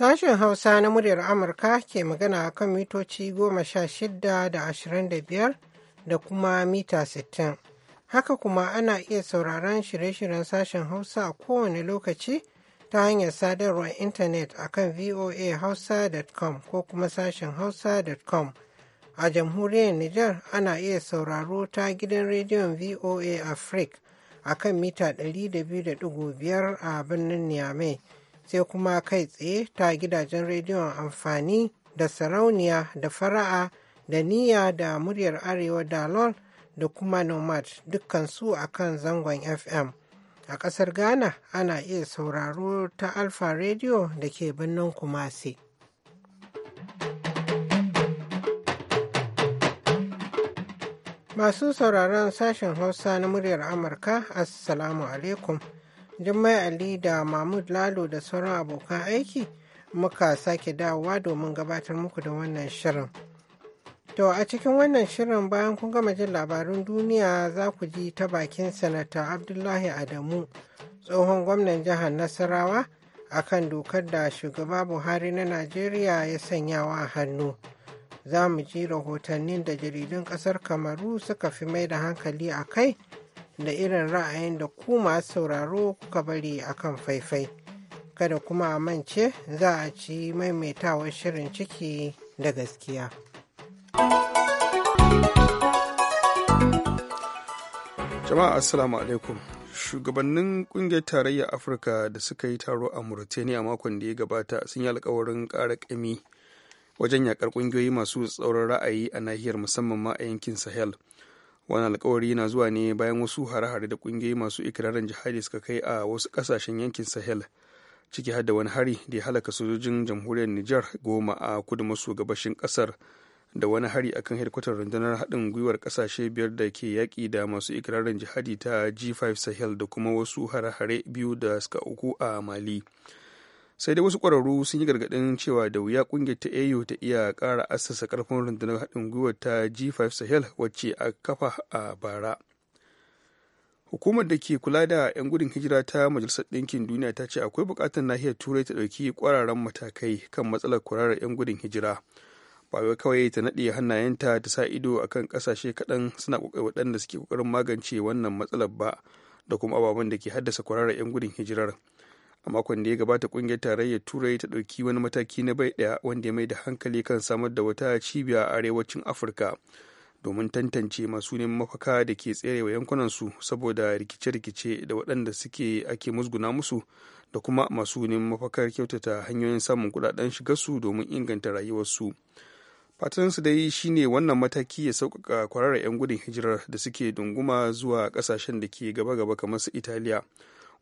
Sashen Hausa na muryar Amurka ke magana a kan mitoci goma sha shida da ashirin da biyar da kuma mita sittin. Haka kuma ana iya sauraron shirye-shiryen sashen Hausa a kowane lokaci ta hanyar sadarwar intanet a kan voahausa.com ko kuma sashen hausa.com. A jamhuriyar Nijar ana iya sauraro ta gidan rediyon VOA Africa a kan mita 200.5 a birnin Niamey. sai kuma kai tsaye ta gidajen rediyon amfani da sarauniya da fara'a da niyya da muryar arewa da lol da kuma nomad dukkansu a kan zangon fm a ƙasar ghana ana iya sauraro ta alfa rediyo da ke birnin kumasi masu sauraron sashen hausa na muryar amurka assalamu alaikum Jummai Ali da Mahmud Lalo da sauran abokan aiki muka sake dawowa domin gabatar muku da wannan shirin. To a cikin wannan shirin bayan kun gama jin labarun duniya za ku ji ta bakin sanata Abdullahi Adamu tsohon gwamnan jihar Nasarawa a kan dokar da shugaba Buhari na Najeriya ya sanyawa a hannu. Za mu ji rahotannin da jaridun ƙasar Kamaru suka fi mai da hankali a kai. da irin ra'ayin da ku masu sauraro kuka bari a kan faifai. Kada kuma a mance za a ci maimaitawar shirin ciki da gaskiya. Jama'a Assalamu alaikum. Shugabannin kungiyar tarayyar Afirka da suka yi taro a Mauritania makon da ya gabata sun yi alkawarin ƙara ƙami wajen yakar kungiyoyi masu tsauran ra'ayi a nahiyar musamman ma a yankin Sahel. wani alkawari na zuwa ne bayan wasu hare-hare da kungiyoyi masu ikirarin jihadi suka kai a wasu kasashen yankin sahel ciki har da wani hari da ya halaka sojojin jamhuriyar niger goma a kudu maso gabashin kasar da wani hari akan hedkwatar rundunar haɗin gwiwar ƙasashe biyar da ke yaƙi da masu ikirarin jihadi ta g5 sahel da kuma wasu hare-hare biyu da suka uku a mali sai dai wasu ƙwararru sun yi gargaɗin cewa da wuya ƙungiyar ta au ta iya ƙara assasa ƙarfin rundunar haɗin gwiwar ta g5 sahel wacce a kafa a bara hukumar da ke kula da 'yan gudun hijira ta majalisar ɗinkin duniya ta ce akwai buƙatar nahiyar turai ta ɗauki ƙwararren matakai kan matsalar kwararar 'yan gudun hijira ba wai kawai ta naɗe hannayenta ta sa ido a kan ƙasashe kaɗan suna ƙoƙari waɗanda suke ƙoƙarin magance wannan matsalar ba da kuma ababen da ke haddasa kwararar 'yan gudun hijirar a makon da ya gabata kungiyar tarayyar turai ta ɗauki wani mataki na bai ɗaya wanda ya mai da hankali kan samar da wata cibiya a arewacin afirka domin tantance masu neman mafaka da ke tserewa yankunansu saboda rikice-rikice da waɗanda suke ake musguna musu da kuma masu neman mafakar kyautata hanyoyin samun kuɗaɗen shigarsu domin inganta rayuwarsu fatansu dai shine wannan mataki ya sauƙaƙa kwararra 'yan gudun hijirar da suke dunguma zuwa ƙasashen da ke gaba-gaba kamar su italiya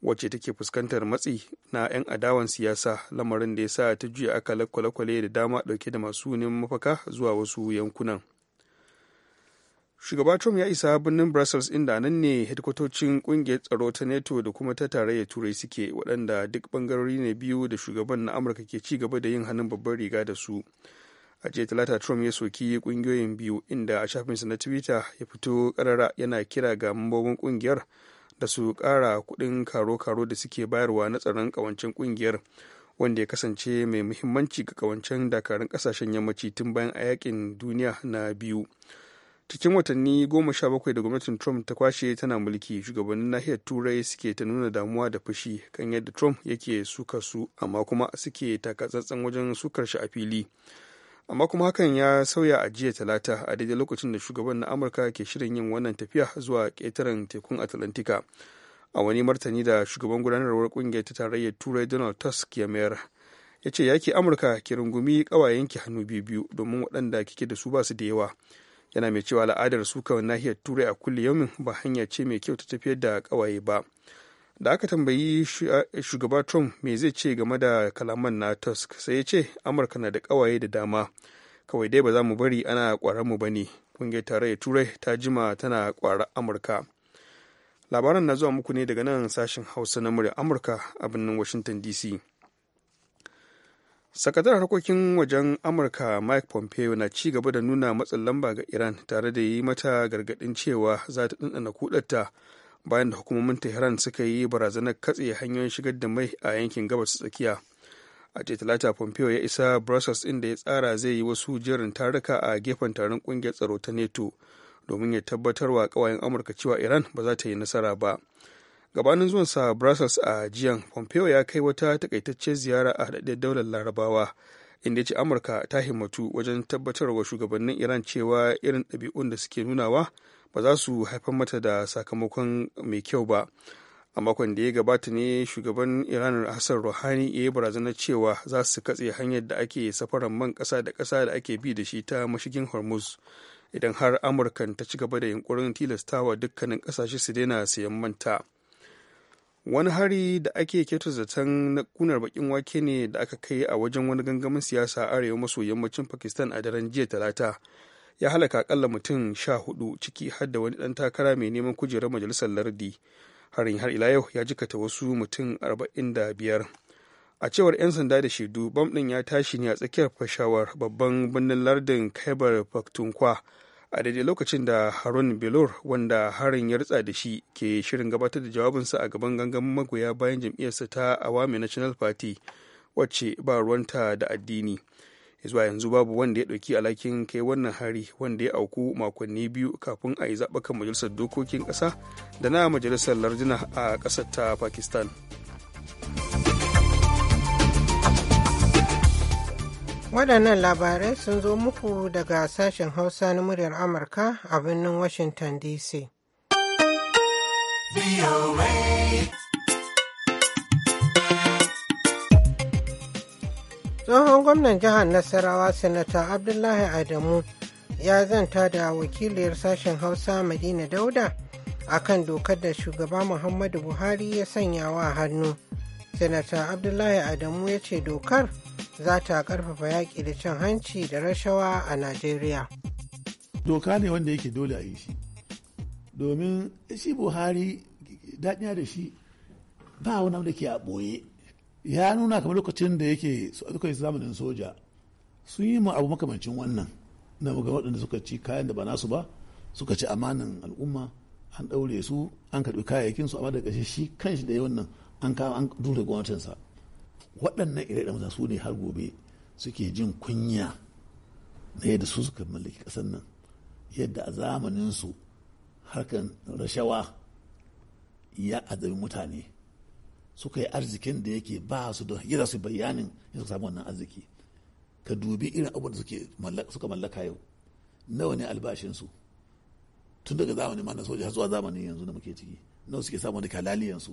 wacce take fuskantar matsi na 'yan adawan siyasa lamarin da ya sa ta juya aka kwale-kwale da dama dauke da masu neman mafaka zuwa wasu yankunan shugaba trump ya isa birnin brussels inda nan ne hedkwatocin kungiyar tsaro ta neto da kuma ta tarayyar turai suke waɗanda duk bangarori ne biyu da shugaban na amurka ke ci gaba da yin hannun babban riga da su a jiya talata trump ya soki kungiyoyin biyu inda a shafinsa na twitter ya fito karara yana kira ga mambobin kungiyar da su kara kuɗin karo-karo da suke bayarwa na tsaron ƙawancen ƙungiyar wanda ya kasance mai muhimmanci ga ƙawancen dakarun ƙasashen yammaci tun bayan a yakin duniya na biyu cikin watanni goma sha bakwai da gwamnatin trump ta kwashe tana mulki shugabannin nahiyar turai suke ta nuna damuwa da fushi kan yadda trump yake suka su amma kuma suke takatsantsan wajen sukar shi a fili amma kuma hakan ya sauya a jiya talata a daidai lokacin da shugaban na amurka ke shirin yin wannan tafiya zuwa ƙetaren tekun atlantika a wani martani da shugaban gudanarwar ƙungiyar ta tarayyar turai donald tusk ya mayar ya ce yaki amurka ke rungumi ƙawayenki hannu biyu biyu domin waɗanda kike da su basu da yawa yana mai cewa al'adar su kawai nahiyar turai a kulle yamin ba hanya ce mai kyau ta tafiyar da ƙawaye ba da aka tambayi shugaba trump me zai ce game da kalaman na tusk sai ya ce amurka na da kawaye da dama kawai dai ba za mu bari ana kwarar mu ne kungiyar tarayyar turai ta jima tana kwara amurka labaran na zuwa muku ne daga nan sashen hausa na murya amurka a birnin washington dc sakataren harkokin wajen amurka mike pompeo na ci gaba da nuna matsin lamba ga iran tare da yi mata gargadin cewa za ta ɗanɗana kudarta bayan da hukumomin tehran suka yi barazanar katse hanyoyin shigar da mai a yankin gabas tsakiya a ce talata pompeo ya isa brussels inda ya tsara zai yi wasu jerin taruka a gefen taron kungiyar tsaro ta neto domin ya tabbatar wa kawayen amurka cewa iran ba za ta yi nasara ba gabanin sa brussels a jiyan pompeo ya kai wata takaitacce ziyara a haɗaɗɗen daular larabawa inda yace ce amurka ta himmatu wajen tabbatar wa shugabannin iran cewa irin ɗabi'un da suke nunawa ba za su haifar mata da sakamakon mai kyau ba a makon da ya gabata ne shugaban iran hassan ruhani ya yi barazanar cewa za su katse hanyar da ake safarar man ƙasa da ƙasa da ake bi da shi ta mashigin hormuz idan har amurkan ta ci gaba da yunkurin tilastawa dukkanin ƙasashe su daina sayan manta wani hari da ake kyauta zaton na kunar bakin wake ne da aka kai a wajen wani gangamin siyasa arewa maso yammacin pakistan a daren jiya talata ya halaka akalla mutum sha hudu ciki har da wani dan takara mai neman kujerar majalisar lardi harin har ila yau ya jikata wasu mutum arba'in da biyar a cewar 'yan sanda da shaidu bam ɗin ya tashi ne a tsakiyar fashawar babban birnin lardin kaibar faktunkwa a daidai lokacin da harun belor wanda harin ya ritsa da shi ke shirin gabatar da jawabinsa a gaban gangar magoya bayan jam'iyyarsa ta awami national party wacce ba ruwanta da addini zuwa yanzu babu wanda ya ɗauki alhakin kai wannan hari wanda ya auku makonni biyu kafin a yi zaɓakan majalisar dokokin ƙasa da na majalisar larjina a ƙasar ta pakistan waɗannan labarai sun zo muku daga sashen hausa na muryar amurka a birnin washington dc tsohon gwamnan jihar nasarawa sanata abdullahi adamu ya zanta da wakiliyar sashen hausa madina dauda a kan dokar da shugaba muhammadu buhari ya sanya wa hannu sanata abdullahi adamu ya ce dokar za ta karfafa yaƙi da cin hanci da rashawa a najeriya doka ne wanda yake dole a yi shi domin shi buhari daɗiya da shi ba wani da ke a ɓoye ya nuna kamar lokacin da yake suka yi zamanin soja sun yi ma abu makamancin wannan na muga waɗanda suka ci kayan da ba nasu ba suka ci amanin al'umma an ɗaure su an karɓi kayayyakin su amma daga ƙarshe shi kanshi da yi wannan an kama an dure gwamnatinsa waɗannan irada maza su ne har gobe suke jin kunya na yadda su suka mallaki ƙasar nan yadda a zamanin zamaninsu harkan rashawa ya azabi mutane suka yi arzikin da yake ba su don yadda su bayanin ya samu wannan arziki ka dubi irin abubuwan da suka mallaka yau nawa ne albashinsu tun daga zamanin ma na soja har zuwa zamanin yanzu da muke ciki nawa suke samu da kalaliyansu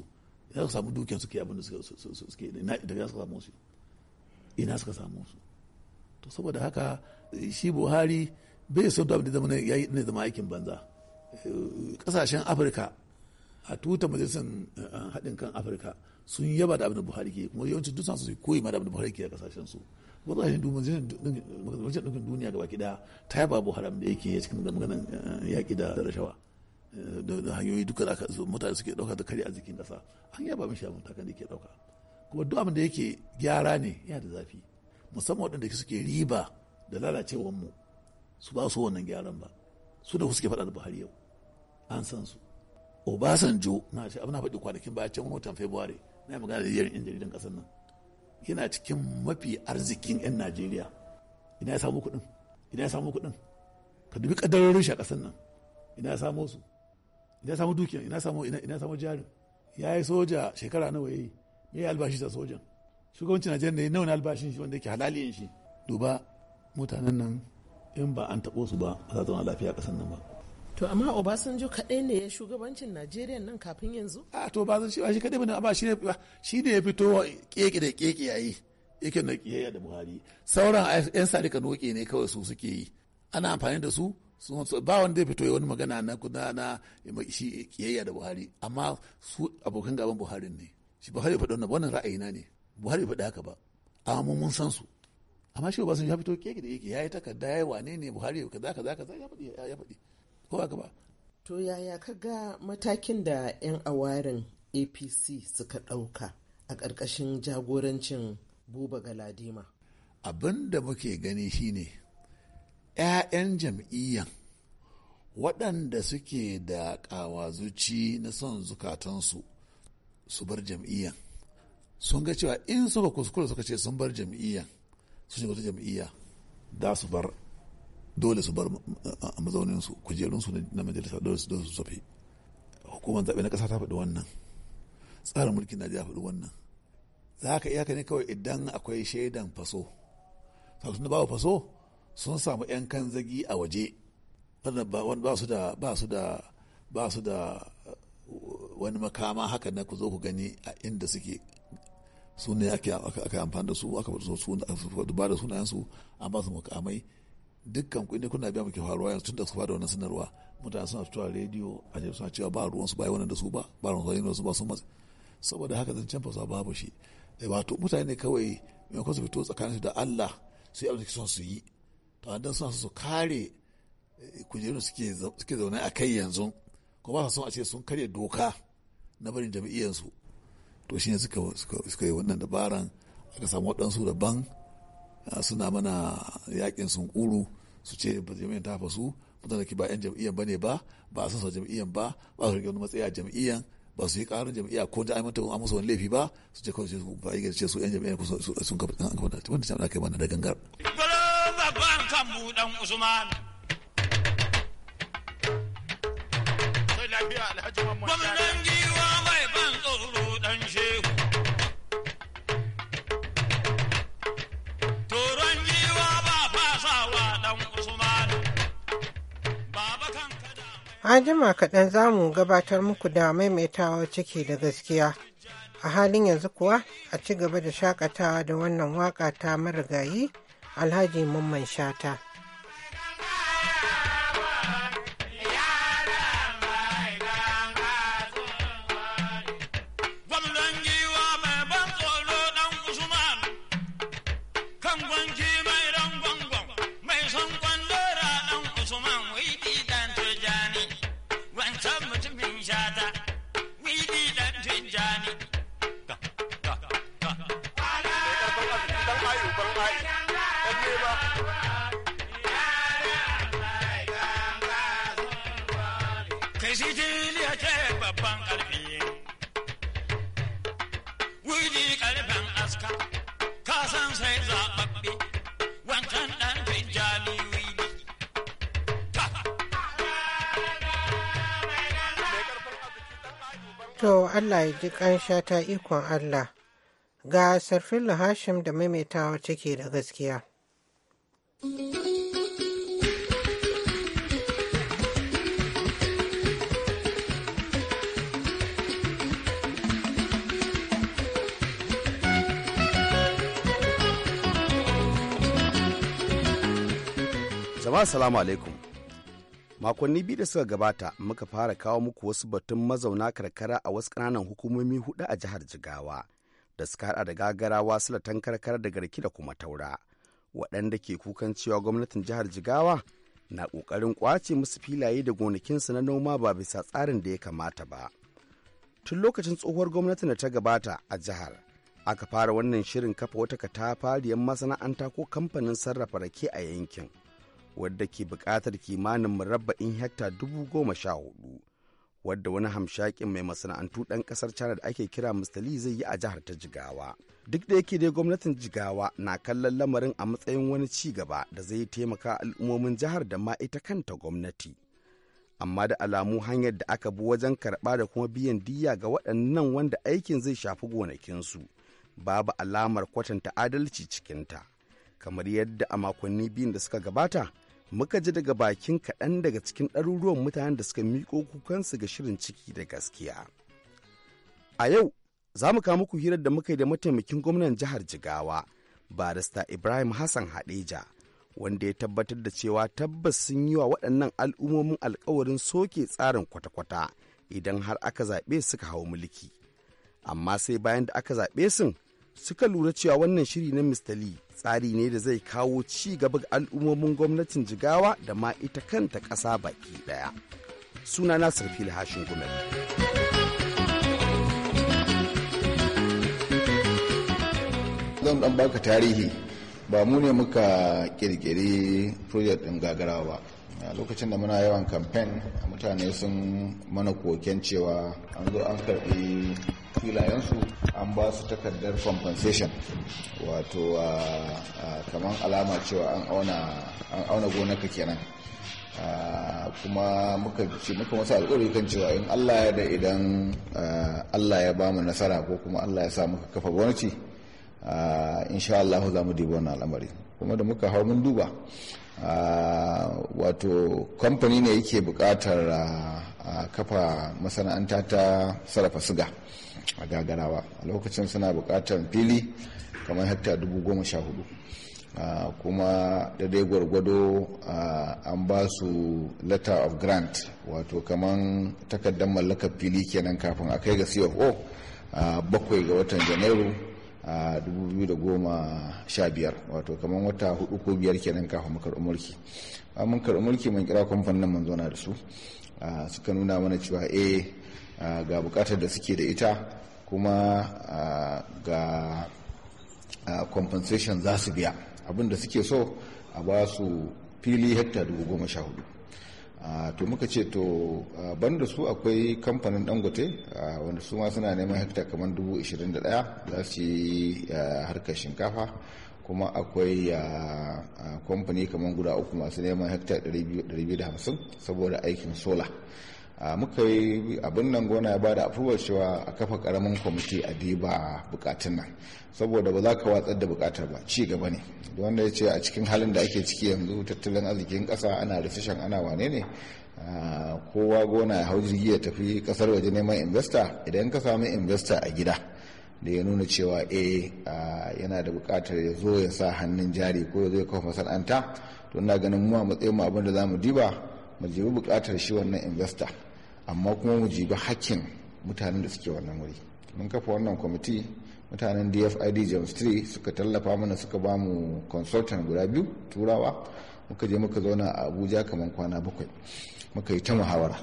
ya suka samu dukiyar suke abin da suke daga suka samu su ina suka samu su to saboda haka shi buhari bai so da zama ya yi zama aikin banza kasashen eh, afirka a tuta majalisar eh, haɗin kan afirka sun yaba da abin da buhari ke kuma yawancin duk su koyi ma da abin da buhari ke a kasashen su wazahin majalisar ɗinkin duniya gaba ki daya ta yaba buhari da yake cikin maganin eh, yaƙi da rashawa eh, da hanyoyi duka da aka mutane suke ɗauka da kare jikin ƙasa an yaba mishi abin takan da yake ɗauka kuma duk abin da yake gyara ne yana da zafi musamman waɗanda suke riba da lalacewar mu su ba su wannan gyaran ba su da suke faɗa da buhari yau an san su Obasanjo na ce abin faɗi kwanakin baya can watan February na yi magana da yiyar yan jaridan ƙasar nan yana cikin mafi arzikin 'yan Najeriya ina ya samu kuɗin ina ya samu kuɗin ka dubi ƙaddarorin shi a ƙasar nan ina ya samu su ina ya samu dukiya ina samu ina samu jarin ya yi soja shekara nawa ya yi me ya albashi sa sojan shugabancin Najeriya ne nawa ne albashin shi wanda yake halaliyin shi duba mutanen nan in ba an taɓo su ba ba za su zauna lafiya a ƙasar nan ba To amma Obasanjo kaɗai ne ya shugabancin Najeriya nan kafin yanzu? A to Obasanjo ba shi kaɗai ba ba shi ne shi ne ya fito keke da keke yayi yake na kiyayya da Buhari. Sauran 'yan sadika noke ne kawai su suke yi. Ana amfani da su ba wanda ya fito wani magana na kuna na shi kiyayya da Buhari amma su abokan gaban Buhari ne. Shi Buhari faɗi wannan wannan na ne. Buhari faɗi haka ba. Amma mun san su. Amma shi Obasanjo ya fito keke da keke yayi takarda yayi wane ne Buhari kaza kaza kaza ya faɗi ya faɗi. ko haka ba to yaya ka ga matakin da 'yan awarin apc suka ɗauka a ƙarƙashin jagorancin buba galadima abin da muke gani shine 'ya'yan jam'iyyan waɗanda suke da ƙawazuci na son zukatansu su bar jam'iyyan sun ga cewa in suka kuskure suka ce sun bar jam'iyyan su shiga wata jam'iyya za su bar dole su bar kujerun kujerunsu na majalisa dole su su tafi hukumar zaɓe na ƙasa ta faɗi wannan tsarin mulkin najeriya faɗi wannan za ka iya ne kawai idan akwai shaidan faso sabon da babu faso sun samu 'yan kan zagi a waje ba su da ba su da ba su da wani makama haka na ku zo ku gani a inda suke su ne ake amfani da su aka ba da su an ba su mukamai dukkan kuɗi kuna biya muke faruwa yanzu tun da su a wannan sanarwa mutane suna fitowa rediyo a jirgin suna cewa ba ruwan su ba wannan da su ba ba ruwan su ba sun matsi saboda haka zan su a babu shi eh, to mutane kawai kuma su fito su da Allah sai abin da son su yi to a suna su kare eh, kujerun suke zaune a kai yanzu ko ba su son a ce sun karya doka na barin jami'iyansu to shi ne suka yi wannan dabaran aka samu waɗansu daban ah, suna mana yakin sun kuru su ce ba jam'iyyar ta fasu mutane ki ba 'yan jam'iyyar ba ne ba ba a sassa jam'iyyar ba ba su rike wani matsayi a jam'iyyar ba su yi karin jam'iyya ko da aimanta a musu wani laifi ba su ce kawai su ba yi ce su 'yan jam'iyyar sun kafa an kafa ta wanda jami'a kai mana da gangar. babban kan buɗan usman. Gwamnan An jima kaɗan za mu gabatar muku da maimaitawa ciki da gaskiya. A halin yanzu kuwa a ci gaba da shakatawa da wannan waka ta marigayi Alhaji Mamman Shata. Allah ya ji ƙansha ta ikon Allah ga sarfin Hashim da maimaitawa take da gaskiya. Zama salamu alaikum. makonni biyu da suka gabata muka fara kawo muku wasu batun mazauna karkara a wasu ƙananan hukumomi hudu a jihar jigawa da suka hada da gagarawa silatan karkara da garki da kuma taura waɗanda ke kukan cewa gwamnatin jihar jigawa na ƙoƙarin ƙwace musu filaye da gonakinsu na noma ba bisa tsarin da ya kamata ba tun lokacin tsohuwar gwamnatin da ta gabata a jihar aka fara wannan shirin kafa wata katafariyar masana'anta ko kamfanin sarrafa rake a yankin wadda ke buƙatar kimanin murabba'in hekta dubu goma sha hudu wadda wani hamshakin mai masana'antu ɗan ƙasar china da ake kira mustali zai yi a jihar ta jigawa duk da yake dai gwamnatin jigawa na kallon lamarin a matsayin wani ci gaba da zai yi taimaka al'ummomin jihar da ma ita kanta gwamnati amma da alamu hanyar da aka bi wajen karɓa da kuma biyan diya ga waɗannan wanda aikin zai shafi gonakinsu babu alamar kwatanta adalci cikinta kamar yadda a makonni biyun da suka gabata muka ji daga bakin kaɗan daga cikin ɗaruruwan mutanen da suka miƙo kukansu ga shirin ciki da gaskiya. A yau, za mu kawo muku hirar da muka yi da mataimakin gwamnan jihar Jigawa, barista Ibrahim Hassan Hadeja, wanda ya tabbatar da cewa tabbas sun yi wa waɗannan al'ummomin alkawarin soke tsarin kwata-kwata idan har aka zaɓe suka hau mulki. Amma sai bayan da aka zaɓe sun, suka lura cewa wannan shiri na Mr. tsari ne da zai kawo ci gaba ga al'ummomin gwamnatin jigawa da ma ita kanta ƙasa baki ɗaya. Suna na Sarfil Hashin Gumel. Zan ɗan baka tarihi ba mu ne muka ƙirƙiri project ɗin gagarawa ba. lokacin da muna yawan kamfen mutane sun mana koken cewa an zo an karbi filayensu an ba su takardar compensation wato kamar alama cewa an auna gonaka kenan kuma muka ce muka wasu alkawari kan cewa in Allah ya da idan Allah ya ba mu nasara ko kuma Allah ya sa muka kafa gwamnati insha Allah za mu dibi wannan al'amari kuma da muka hau mun duba wato kamfani ne yake bukatar buƙatar kafa masana'anta ta sarrafa siga a gagarawa a lokacin suna bukatar fili kamar hekta dubu goma sha hudu kuma da dai gwargwado an ba su letter of grant wato kaman takardar mallakar fili kenan kafin a kai ga cfo bakwai ga watan janairu a 2015 wato kamar wata hudu ko biyar kenan kafin mu karɓi mulki mun karɓi mulki mun kira kamfanin mun zauna da su suka nuna mana cewa eh ga bukatar da suke da ita kuma ga compensation za su biya abin da suke so a ba su fili hekta dubu goma sha hudu to muka ce to da su akwai kamfanin dangote wanda su ma suna neman hekta kamar dubu ishirin da za su yi harkar shinkafa kuma akwai kamfani kamar guda uku masu neman hekta 250 saboda aikin sola muka yi abin nan gona ya bada afubar cewa a kafa karamin kwamiti a diba bukatun nan saboda ba za ka watsar da bukatar ba ci gaba ne wanda ya ce a cikin halin da ake ciki yanzu tattalin arzikin kasa ana recession ana wane ne kowa gona ya hau jirgi ya tafi kasar waje neman investor idan ka samu investor a gida da ya nuna cewa eh yana da bukatar ya zo ya sa hannun jari ko ya zo ya kafa masana'anta to ina ganin mu a matsayin mu abin da za mu diba mu jibi bukatar shi wannan investor amma kuma mu jibi hakkin mutanen da suke wannan wuri mun kafa wannan kwamiti mutanen dfid james 3 suka tallafa mana suka ba mu consultant guda biyu turawa muka je muka zauna a abuja kamar kwana bakwai muka yi ta muhawara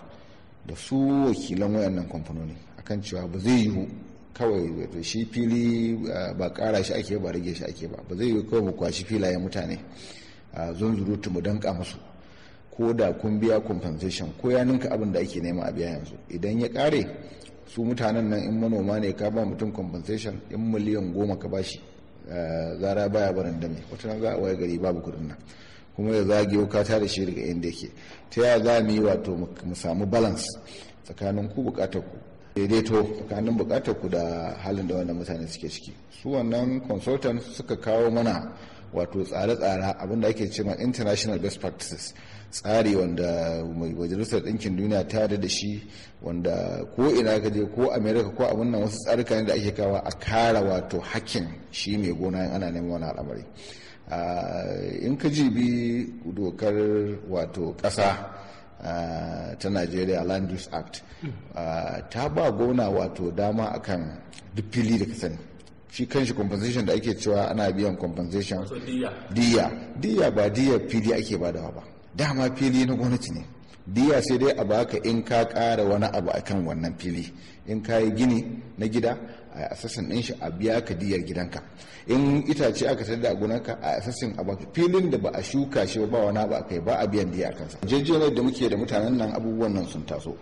da su wakilan wayannan kamfanoni kan cewa ba zai yiwu kawai shi fili ba kara shi ake ba rage shi ake ba ba zai yiwu kawai mu kwashi filayen mutane a zunzurutu mu danka musu ko da kun biya compensation ko ya ninka abin da ake nema a biya yanzu idan ya kare su mutanen nan in manoma ne ka ba mutum compensation in miliyan goma ka bashi eh, zara baya barin dame wata za a waye gari babu kudin nan kuma ya zage ka da shi daga inda yake ta yaya za mu yi wato mu samu balance tsakanin ku bukatar ku daidaito tsakanin bukatar ku da halin da wannan mutane suke ciki su wannan consultant suka kawo mana wato tsare-tsare abinda ake cewa international best practices tsari wanda majalisar ɗinkin duniya ta da shi wanda ko ina ka je ko america ko abin nan wasu tsarika ne da ake kawa a kara wato hakkin shi mai gona ana neman wani al'amari ah, in ka jibi dokar wato ƙasa ah, ta Nigeria Land Use Act ah, ta ba gona wato dama akan duk fili da ka sani shi kanshi compensation da ake cewa ana biyan compensation diya diya ba diya fili ake badawa ba dama fili na gwamnati ne diya sai dai a baka in ka kara wani abu akan wannan fili in ka yi gini na gida a assassin din shi a biya ka diyar gidanka in itace aka tada a gonarka a assassin a baka filin da ba a shuka shi ba wani abu akai ba a biyan diya kansa jejjerai da muke da mutanen nan abubuwan nan sun taso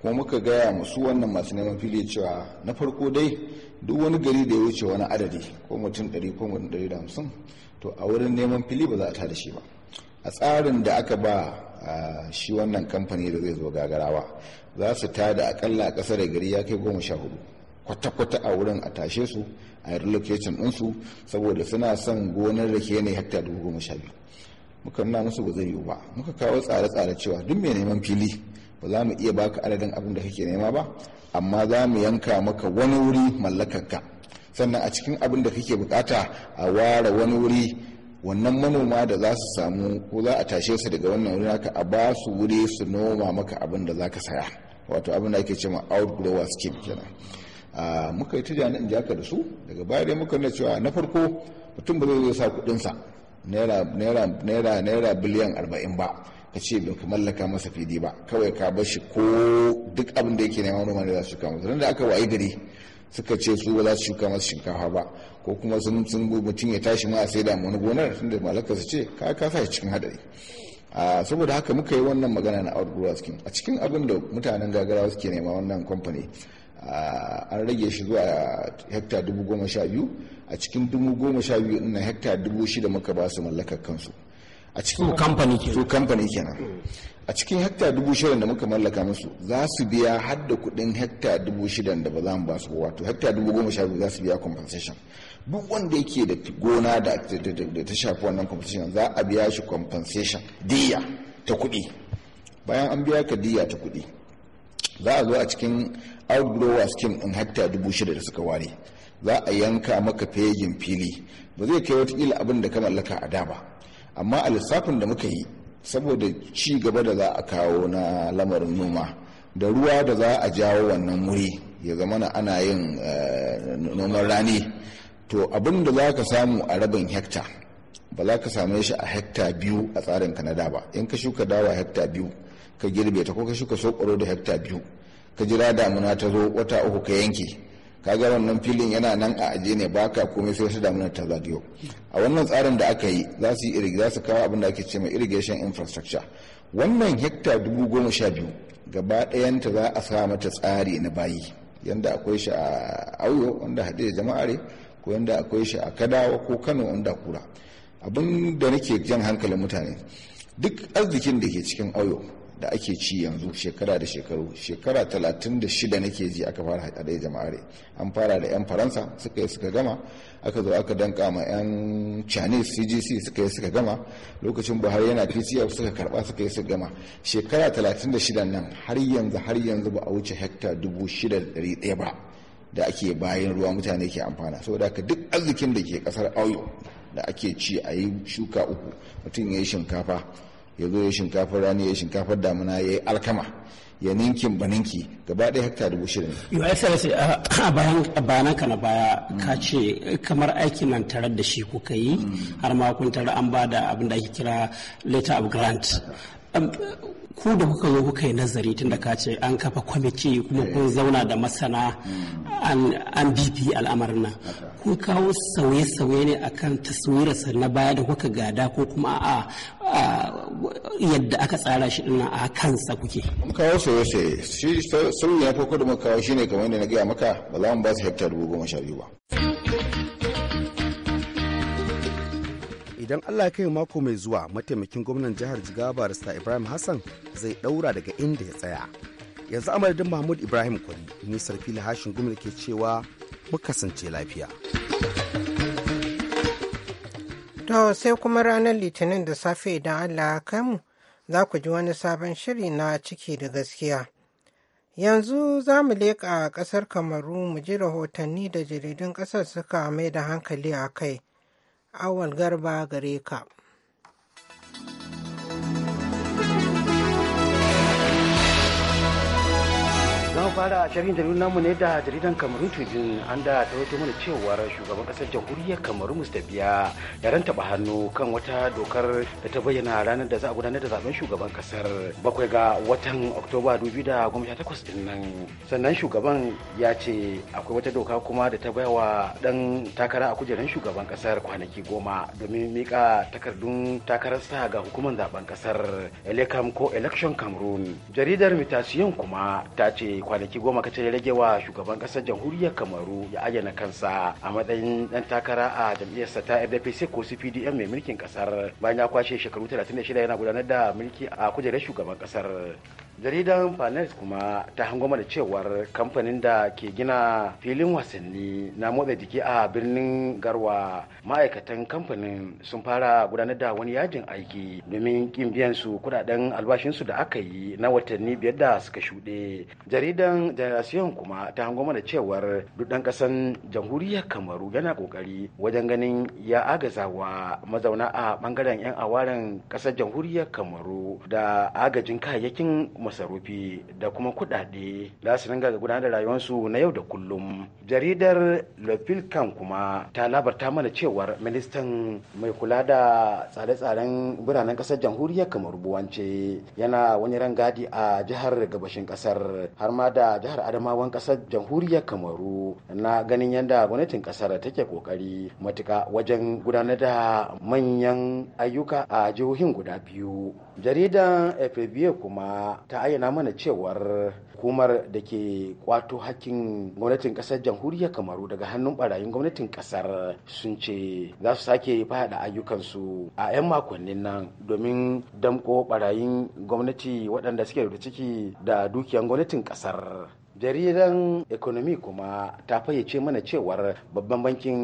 kuma muka gaya musu wannan masu neman fili cewa na farko dai duk wani gari da ya wuce wani adadi ko mutum 100 ko mutum 150 to a wurin neman fili ba za a tada shi ba a tsarin da aka ba shi wannan kamfani da zai zo gagarawa za su tada akalla a ƙasa da gari ya kai goma sha hudu kwata-kwata a wurin a tashe su a relocation ɗinsu saboda suna son gonar rake ne hekta dubu goma sha biyu muka nuna musu ba zai yiwu ba muka kawo tsare-tsare cewa duk mai neman fili ba za mu iya baka adadin abin da kake nema ba amma za mu yanka maka wani wuri mallakarka sannan a cikin abin da kake bukata a ware wani wuri wannan manoma da za su samu ko za a tashe su daga wannan wuri naka a ba su wuri su noma maka abin da za ka saya wato abin da ake cewa outgrower scheme kenan muka yi tijani in jaka da su daga baya dai muka nuna cewa na farko mutum ba zai sa kudinsa naira biliyan arba'in ba ka ce ba ka mallaka masa fili ba kawai ka bar shi ko duk abin da yake nema noman za su shuka masa da aka wayi gari suka ce su ba za su shuka masa shinkafa ba ko kuma sun sun mutum ya tashi ma a sai da wani gonar da mallaka su ce ka ka sa cikin hadari saboda haka muka yi wannan magana na outdoor skin a cikin abin da mutanen gagarawa suke nema wannan company an rage shi zuwa hekta dubu goma sha biyu a cikin dubu goma sha biyu na hekta dubu shida muka ba su mallakar kansu a cikin kamfani to kamfani kenan a cikin hekta dubu shidan da muka mallaka musu za su biya har da kuɗin hekta dubu shidan da ba za mu ba su wato hekta dubu goma sha biyu za su biya compensation duk wanda yake da gona da ta shafi wannan compensation za a biya shi compensation diya ta kuɗi bayan an biya ka diya ta kuɗi za a zo a cikin outgrower scheme in hekta dubu shida da suka ware za a yanka maka fegin fili ba zai kai watakila abin da ka mallaka a da ba amma a lissafin da muka yi saboda ci gaba da za a kawo na lamarin noma da ruwa da za a jawo wannan wuri ya zama na ana yin eh, noman rani to abin da za ka samu a rabin hekta ba za ka same shi a hekta biyu a tsarin kanada ba in ka shuka dawa hekta biyu ka girbe ta ko ka shuka sokoro da hekta biyu ka jira damuna ta zo wata uku ka yanke ka ga wannan filin yana nan a aje ne ba ka komai sai su damuna ta zagayo a wannan tsarin da aka yi za su yi za su kawo abin da ake ce mai irrigation infrastructure wannan hekta dubu goma sha biyu gaba ɗayanta za a sa mata tsari na bayi yanda akwai shi a auyo wanda haɗe da re ko yanda akwai shi a kadawa ko kano wanda kura abin da nake jan hankalin mutane duk arzikin da ke cikin auyo da ake ci yanzu shekara da shekaru shekara talatin nake ji aka fara haɗe jama'are an fara da 'yan faransa suka yi suka gama aka zo aka danka ma 'yan chinese cgc suka yi suka gama lokacin buhari yana pcf suka karba suka yi suka gama shekara talatin nan har yanzu har yanzu ba a wuce hekta dubu shida ba da ake bayan ruwa mutane ke amfana saboda haka duk arzikin da ke kasar auyo da ake ci a yi shuka uku mutum ya yi shinkafa ya zo ya shinkafar rani ya shinkafar damuna ya yi alkama ya ninkin ba ninki gaba ɗaya hekta dubu shirin. ne. Your sai a bayanan ka na baya ka ce kamar aikin nan tare da shi kuka yi mm. har ma kun tare an ba da abin da ake kira letter of grant. ku da kuka zo kuka yi nazari tun da ka ce an kafa kwamiti kuma kun eh. zauna da masana hmm. an bibi al'amarin nan kun kawo sauye-sauye ne akan taswirarsa na baya da kuka gada ko kuma a yadda aka tsara shi dinnan a kansa kuke mun kawo sauye-sauye shi sauye ya farko da muka kawo shine kamar yadda na gaya maka ba za mu ba su hektar dubu goma sha biyu ba idan allah ya kai mako mai zuwa mataimakin gwamnan jihar jigawa barista ibrahim hassan zai daura daga inda ya tsaya yanzu amadadin mahmud ibrahim kwari nisar fili hashin gumi ke cewa mu kasance lafiya to sai kuma ranar litinin da safe idan allah ya kai mu za ku ji wani sabon shiri na ciki da gaskiya yanzu za mu leƙa ƙasar kamaru mu ji rahotanni da jaridun ƙasar suka mai da hankali a kai Awal Garba gare ka. fara shirin jaridar namu ne da jaridan kamarun tujin an da ta wato mana cewa shugaban kasar jamhuriyar kamaru musta biya ya ranta ba hannu kan wata dokar da ta bayyana ranar da za a gudanar da zaben shugaban kasar bakwai ga watan oktoba 2018 din nan sannan shugaban ya ce akwai wata doka kuma da ta bayawa dan takara a kujerar shugaban kasar kwanaki goma domin mika takardun takarar sa ga hukumar zaben kasar elekam ko election cameroon jaridar mitasiyon kuma ta ce kwanaki kwanaki goma ka cire rage wa shugaban kasar jamhuriyar kamaru ya ayyana kansa a matsayin dan takara a jam'iyyarsa ta fdpc ko cpdm mai mulkin kasar bayan ya kwashe shekaru 36 yana gudanar da mulki a kujerar shugaban kasar jaridan finance kuma ta hangoma da cewar kamfanin da ke gina filin wasanni na motsa jiki a birnin garwa ma'aikatan kamfanin sun fara gudanar da wani yajin aiki domin kin biyan su kudaden albashinsu da aka yi na watanni biyar da suka shuɗe jaridan generation kuma ta hangoma da cewar duk ɗan ƙasan jamhuriyar kamaru yana ƙoƙari wajen ganin ya agazawa mazauna a bangaren 'yan awaren ƙasar jamhuriyar kamaru da agajin kayayyakin masarufi da kuma kuɗaɗe za su dinga gudanar da rayuwarsu na yau da kullum jaridar lofilkan kuma ta labarta mana cewar ministan mai kula da tsare-tsaren biranen ƙasar jamhuriyar kamar buwance yana wani rangadi a jihar gabashin ƙasar har ma da jihar adamawan ƙasar jamhuriyar kamaru na ganin yadda gwamnatin ƙasar take ƙoƙari matuka wajen gudanar da manyan ayyuka a jihohin guda biyu jaridan fba kuma ta ayyana mana cewar hukumar da ke kwato hakkin gwamnatin kasar jamhuriyar kamaru daga hannun barayin gwamnatin kasar sun ce za su sake faɗa ayyukansu a 'yan makonnin nan domin damko barayin gwamnati waɗanda suke da ciki da dukiyan gwamnatin kasar jaridan economy kuma ta fayyace mana cewar babban bankin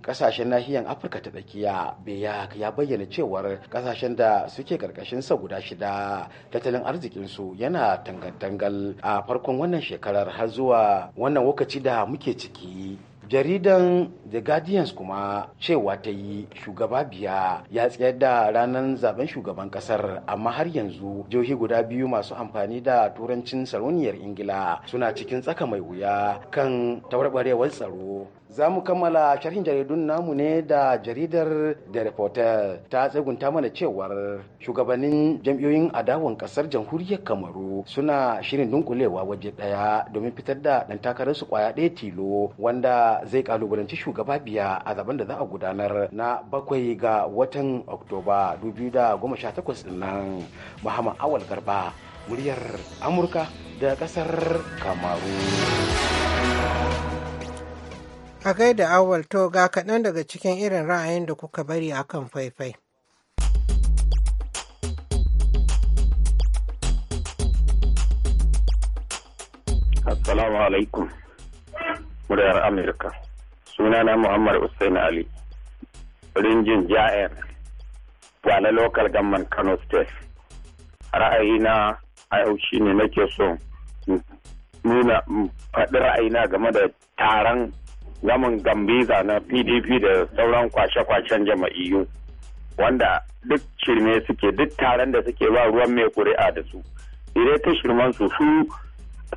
kasashen nahiyar afirka ta tsakiya beya ya bayyana cewar kasashen da suke karkashin sa guda shida tattalin arzikinsu yana tangal a farkon wannan shekarar har zuwa wannan lokaci da muke ciki jaridan the guardians kuma cewa ta yi shugaba biya ya tsayar da ranar zaben shugaban kasar amma har yanzu jihohi guda biyu masu amfani da turancin sarauniyar ingila suna cikin tsaka mai wuya kan tabarbarewar tsaro Za mu kammala sharhin jaridun namu ne da jaridar da Reporter ta tsegunta mana cewar shugabannin jam'iyoyin adawan kasar jamhuriyar Kamaru suna shirin dunkulewa waje daya domin fitar da ɗan takararsu kwaya ɗaya tilo wanda zai kalubalanci shugaba biya a zaben da za a gudanar na bakwai ga watan Oktoba 2018 ɗin nan Muhammad Awal Garba muryar Amurka da ƙasar Kamaru. A gaida awal to ga kaɗan daga cikin irin ra'ayin da kuka bari a kan faifai. Assalamu alaikum, muryar Amurka. na Muhammad Hussein Ali, rinjin ja'ir ba na local government Kano State. Ra'ayina a yau shine nake so nuna faɗi ra'ayina game da taron zaman gambiza na pdp da sauran kwashe-kwashen jama'iyu wanda duk shirme suke duk taron da suke ba ruwan mai kuri'a da su ire ta shirman su su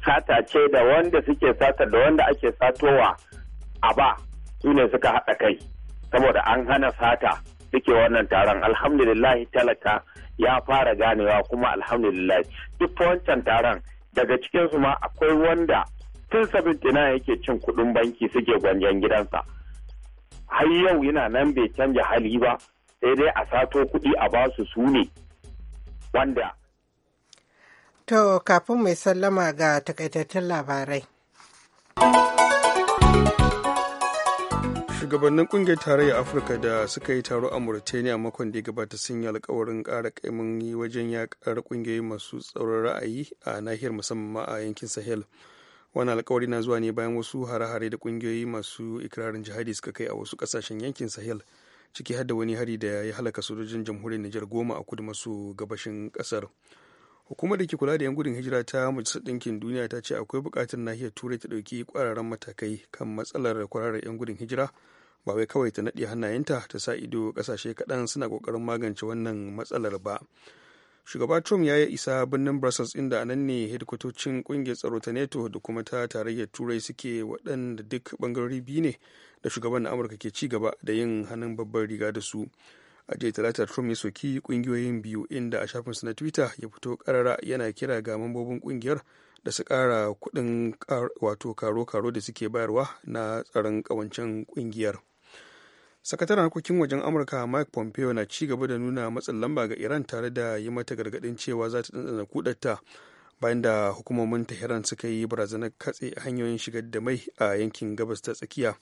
sata ce da wanda suke sata da wanda ake satowa a ba su ne suka haɗa kai saboda an hana sata suke wannan taron alhamdulillah talaka ya fara ganewa kuma alhamdulillah duk wancan taron daga cikinsu ma akwai wanda tun 79 yake cin kudin banki suke gwanjan gidansa har yau yana nan bai canja hali ba sai dai a sato kudi a basu su ne wanda to kafin mai sallama ga takaitattun labarai shugabannin kungiyar tarayyar afirka da suka yi taro a mauritania makon da ya gabata sun yi alkawarin ƙara kaimin wajen yakar kungiyoyi masu tsaron ra'ayi a nahiyar musamman a yankin sahel wani alkawari na zuwa ne bayan wasu hare-hare da kungiyoyi masu ikirarin jihadi suka kai a wasu kasashen yankin sahel ciki har wani hari da ya halaka sojojin jamhuriyar nijar goma a kudu maso gabashin kasar hukumar da ke kula da yan gudun hijira ta majalisar ɗinkin duniya ta ce akwai buƙatar nahiyar turai ta ɗauki ƙwararren matakai kan matsalar kwararar yan gudun hijira ba wai kawai ta naɗe hannayenta ta sa ido ƙasashe kaɗan suna ƙoƙarin magance wannan matsalar ba shugaba trump ya yi isa birnin brussels inda a nan ne hedikwatocin kungiyar tsaro ta neto da kuma ta tarayyar turai suke waɗanda duk bangarori biyu ne da shugaban amurka ke ci gaba da yin hannun babbar riga da su a jiya talata trump ya soki kungiyoyin biyu inda a shafinsa na twitter ya fito karara yana kira ga mambobin kungiyar da su kara kuɗin wato karo-karo da suke bayarwa na tsaron ƙawancen kungiyar sakataren harkokin wajen amurka mike pompeo na ci gaba da nuna matsin lamba ga iran tare da yi mata gargadin cewa za ta dandana kudatta bayan da hukumomin tehran suka yi barazanar katse hanyoyin shigar da mai a yankin gabas ta tsakiya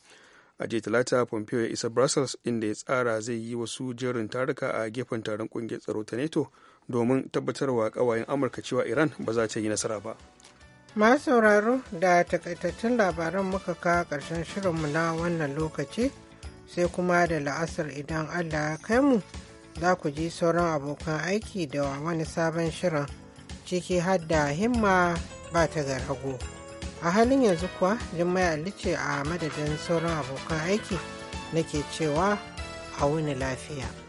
a jiya talata pompeo ya isa brussels inda ya tsara zai yi wasu jerin taruka a gefen taron kungiyar tsaro ta neto domin tabbatarwa kawayen amurka cewa iran ba za ta yi nasara ba masu sauraro da takaitattun labaran muka kawo ƙarshen shirinmu na wannan lokaci sai kuma da la'asar idan allah ya kai mu za ku ji sauran abokan aiki da wani sabon shirin ciki har da himma ba ta ga rago a halin yanzu kuwa jimmai alice a madadin sauran abokan aiki nake cewa a wuni lafiya